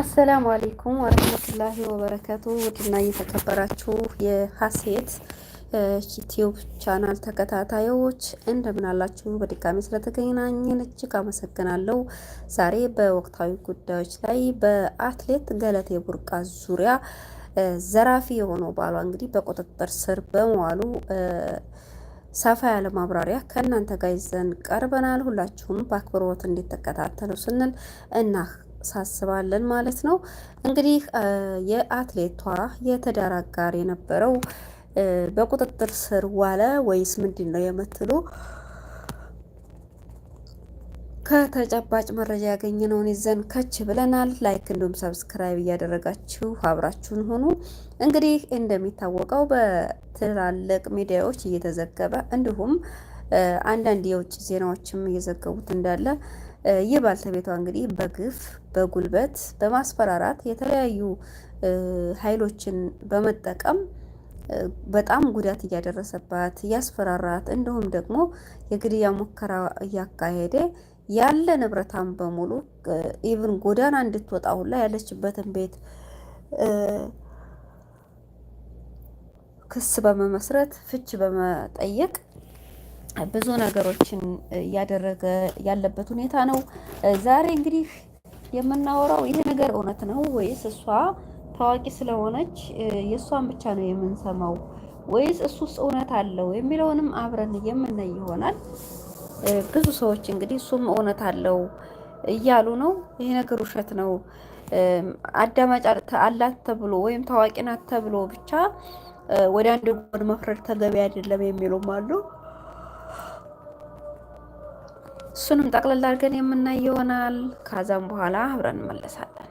አሰላሙ አሌይኩም ወረህመቱላሂ ወበረከቱ። ውድና እየተከበራችሁ የሀሴት ዩቲዩብ ቻናል ተከታታዮች እንደምን አላችሁ? በድጋሚ ስለተገናኘን እጅግ አመሰግናለሁ። ዛሬ በወቅታዊ ጉዳዮች ላይ በአትሌት ገለቴ ቡርቃ ዙሪያ ዘራፊ የሆነው ባሏ እንግዲህ በቁጥጥር ስር በመዋሉ ሰፋ ያለ ማብራሪያ ከእናንተ ጋር ይዘን ቀርበናል። ሁላችሁም በአክብሮት እንዲተከታተሉ ስንል እና ሳስባለን ማለት ነው። እንግዲህ የአትሌቷ የትዳር አጋር የነበረው በቁጥጥር ስር ዋለ ወይስ ምንድን ነው የምትሉ ከተጨባጭ መረጃ ያገኘነውን ይዘን ከች ብለናል። ላይክ እንዲሁም ሰብስክራይብ እያደረጋችሁ አብራችሁን ሆኑ። እንግዲህ እንደሚታወቀው በትላልቅ ሚዲያዎች እየተዘገበ እንዲሁም አንዳንድ የውጭ ዜናዎችም እየዘገቡት እንዳለ ይህ ባልተቤቷ እንግዲህ በግፍ በጉልበት በማስፈራራት የተለያዩ ኃይሎችን በመጠቀም በጣም ጉዳት እያደረሰባት እያስፈራራት እንዲሁም ደግሞ የግድያ ሙከራ እያካሄደ ያለ ንብረታም በሙሉ ኢቭን ጎዳና እንድትወጣ ሁላ ያለችበትን ቤት ክስ በመመስረት ፍች በመጠየቅ ብዙ ነገሮችን እያደረገ ያለበት ሁኔታ ነው። ዛሬ እንግዲህ የምናወራው ይሄ ነገር እውነት ነው ወይስ እሷ ታዋቂ ስለሆነች የእሷን ብቻ ነው የምንሰማው ወይስ እሱስ እውነት አለው የሚለውንም አብረን የምናይ ይሆናል። ብዙ ሰዎች እንግዲህ እሱም እውነት አለው እያሉ ነው። ይሄ ነገር ውሸት ነው። አዳማጭ አላት ተብሎ ወይም ታዋቂ ናት ተብሎ ብቻ ወደ አንድ ጎን መፍረድ ተገቢ አይደለም የሚሉም አሉ። እሱንም ጠቅልል አድርገን የምናይ ይሆናል። ከዛም በኋላ አብረን እንመለሳለን።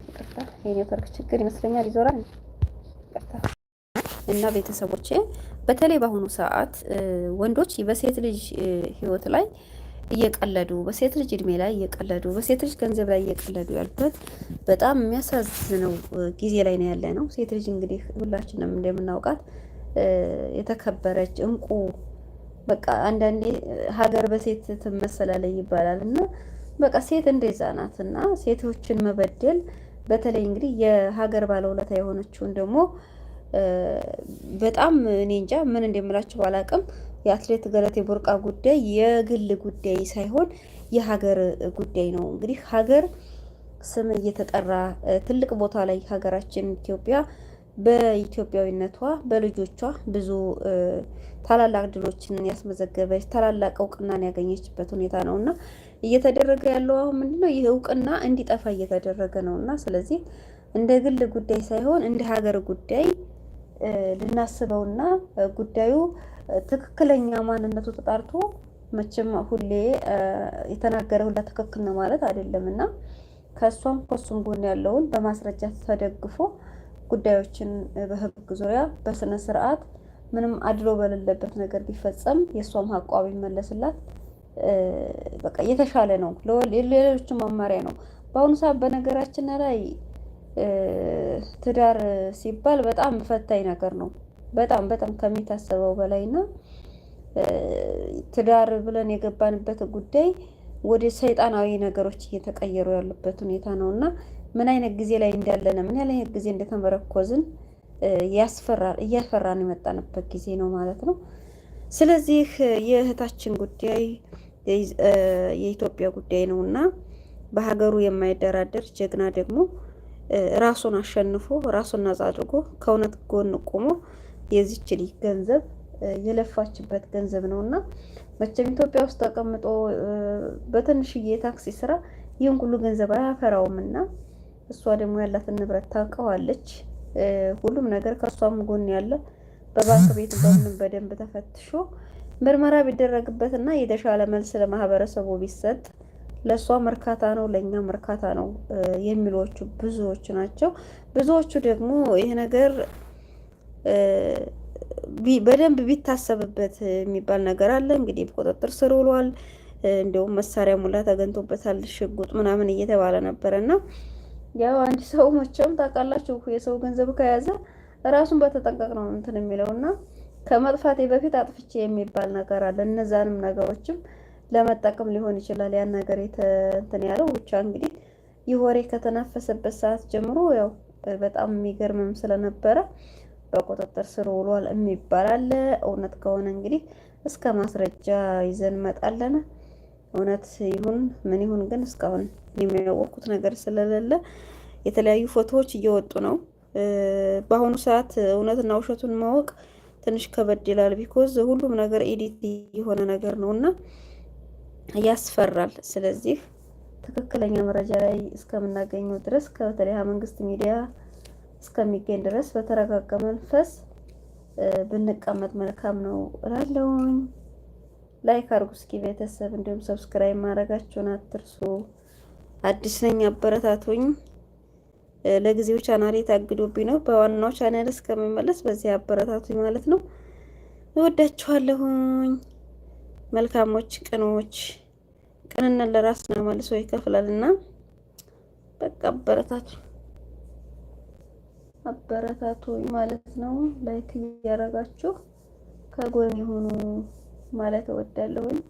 ይቅርታ የኔትወርክ ችግር ይመስለኛል ይዞራል። ይቅርታ እና ቤተሰቦቼ በተለይ በአሁኑ ሰዓት ወንዶች በሴት ልጅ ህይወት ላይ እየቀለዱ በሴት ልጅ እድሜ ላይ እየቀለዱ በሴት ልጅ ገንዘብ ላይ እየቀለዱ ያሉበት በጣም የሚያሳዝነው ጊዜ ላይ ነው ያለ ነው። ሴት ልጅ እንግዲህ ሁላችንም እንደምናውቃት የተከበረች እንቁ፣ በቃ አንዳንዴ ሀገር በሴት ትመሰላለች ይባላል እና በቃ ሴት እንደዛ ናት እና ሴቶችን መበደል በተለይ እንግዲህ የሀገር ባለውለታ የሆነችውን ደግሞ በጣም እኔ እንጃ ምን እንደምላቸው ባላቅም የአትሌት ገለቴ ቡርቃ ጉዳይ የግል ጉዳይ ሳይሆን የሀገር ጉዳይ ነው። እንግዲህ ሀገር ስም እየተጠራ ትልቅ ቦታ ላይ ሀገራችን ኢትዮጵያ በኢትዮጵያዊነቷ በልጆቿ ብዙ ታላላቅ ድሎችን ያስመዘገበች ታላላቅ እውቅናን ያገኘችበት ሁኔታ ነው እና እየተደረገ ያለው አሁን ምንድነው? ይህ እውቅና እንዲጠፋ እየተደረገ ነው። እና ስለዚህ እንደ ግል ጉዳይ ሳይሆን እንደ ሀገር ጉዳይ ልናስበውና ጉዳዩ ትክክለኛ ማንነቱ ተጣርቶ መቼም ሁሌ የተናገረ ሁላ ትክክል ነው ማለት አይደለም እና ከእሷም ከሱም ጎን ያለውን በማስረጃ ተደግፎ ጉዳዮችን በህግ ዙሪያ በስነ ስርዓት ምንም አድሎ በሌለበት ነገር ቢፈጸም የእሷም ሀቋ መለስላት። በቃ የተሻለ ነው፣ ሌሎቹ መመሪያ ነው። በአሁኑ ሰዓት በነገራችን ላይ ትዳር ሲባል በጣም ፈታኝ ነገር ነው። በጣም በጣም ከሚታሰበው በላይና ትዳር ብለን የገባንበት ጉዳይ ወደ ሰይጣናዊ ነገሮች እየተቀየሩ ያሉበት ሁኔታ ነው እና ምን አይነት ጊዜ ላይ እንዳለን ምን አይነት ጊዜ እንደተመረኮዝን እያፈራን የመጣንበት ጊዜ ነው ማለት ነው። ስለዚህ የእህታችን ጉዳይ የኢትዮጵያ ጉዳይ ነው እና በሀገሩ የማይደራደር ጀግና ደግሞ ራሱን አሸንፎ ራሱን ነጻ አድርጎ ከእውነት ጎን ቆሞ የዚች ልጅ ገንዘብ የለፋችበት ገንዘብ ነው እና መቼም ኢትዮጵያ ውስጥ ተቀምጦ በትንሽዬ የታክሲ ስራ ይህን ሁሉ ገንዘብ አያፈራውም እና እሷ ደግሞ ያላትን ንብረት ታውቀዋለች። ሁሉም ነገር ከእሷም ጎን ያለ በባንክ ቤት በምን በደንብ ተፈትሾ ምርመራ ቢደረግበትና የተሻለ መልስ ለማህበረሰቡ ቢሰጥ ለእሷ እርካታ ነው፣ ለእኛም እርካታ ነው የሚሉዎቹ ብዙዎቹ ናቸው። ብዙዎቹ ደግሞ ይሄ ነገር በደንብ ቢታሰብበት የሚባል ነገር አለ። እንግዲህ በቁጥጥር ስር ውሏል። እንዲሁም መሳሪያ ሙላ ተገኝቶበታል፣ ሽጉጥ ምናምን እየተባለ ነበረ እና ያው አንድ ሰው መቼም ታውቃላችሁ የሰው ገንዘብ ከያዘ ራሱን በተጠንቀቅ ነው እንትን የሚለው እና ከመጥፋቴ በፊት አጥፍቼ የሚባል ነገር አለ። እነዛንም ነገሮችም ለመጠቀም ሊሆን ይችላል ያን ነገር እንትን ያለው ብቻ እንግዲህ ይህ ወሬ ከተናፈሰበት ሰዓት ጀምሮ ያው በጣም የሚገርምም ስለነበረ በቁጥጥር ስር ውሏል የሚባል አለ። እውነት ከሆነ እንግዲህ እስከ ማስረጃ ይዘን መጣለን። እውነት ይሁን ምን ይሁን ግን እስካሁን የሚያወቁት ነገር ስለሌለ የተለያዩ ፎቶዎች እየወጡ ነው። በአሁኑ ሰዓት እውነትና ውሸቱን ማወቅ ትንሽ ከበድ ይላል። ቢኮዝ ሁሉም ነገር ኤዲት የሆነ ነገር ነው እና ያስፈራል። ስለዚህ ትክክለኛ መረጃ ላይ እስከምናገኘው ድረስ ከተለያ መንግስት ሚዲያ እስከሚገኝ ድረስ በተረጋጋ መንፈስ ብንቀመጥ መልካም ነው እላለሁኝ። ላይክ አርጉ እስኪ ቤተሰብ፣ እንዲሁም ሰብስክራይብ ማድረጋችሁን አትርሱ። አዲስ ነኝ፣ አበረታቱኝ። ለጊዜው ቻናሌ ታግዶብኝ ነው። በዋናው ቻናል እስከሚመለስ በዚህ አበረታቱኝ ማለት ነው። እወዳችኋለሁኝ። መልካሞች፣ ቅኖች። ቅንነት ለራስ ነው መልሶ ይከፍላል እና በቃ አበረታቱ አበረታቱኝ ማለት ነው። ላይክ እያረጋችሁ ከጎን የሆኑ ማለት እወዳለሁኝ።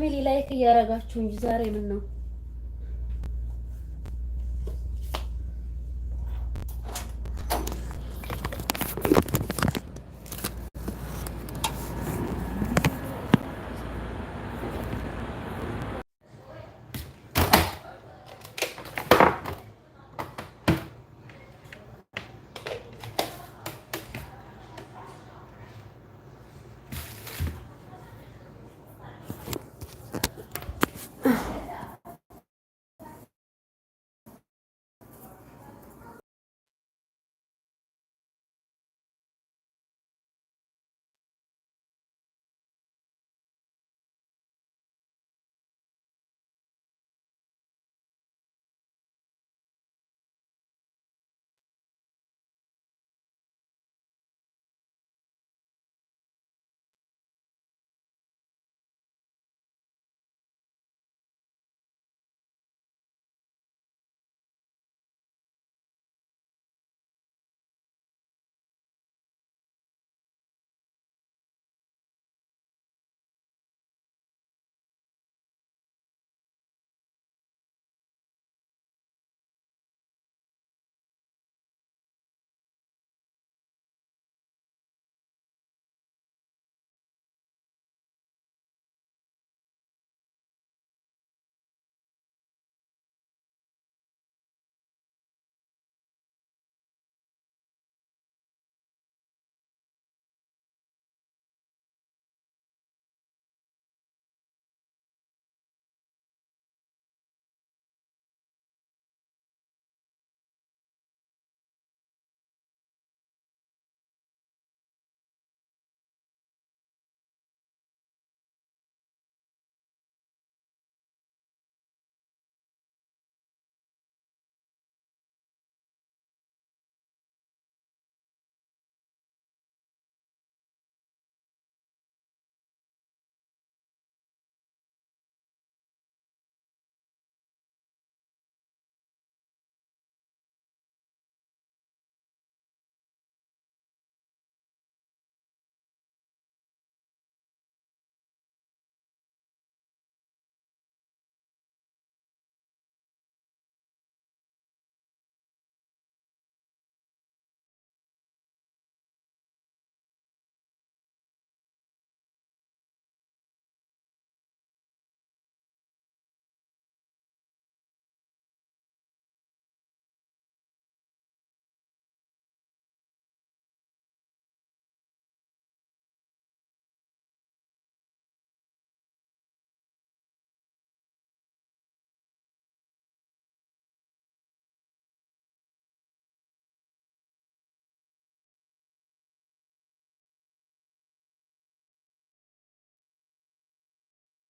ፋሚሊ ላይክ እያደረጋችሁ እንጂ ዛሬ ምን ነው?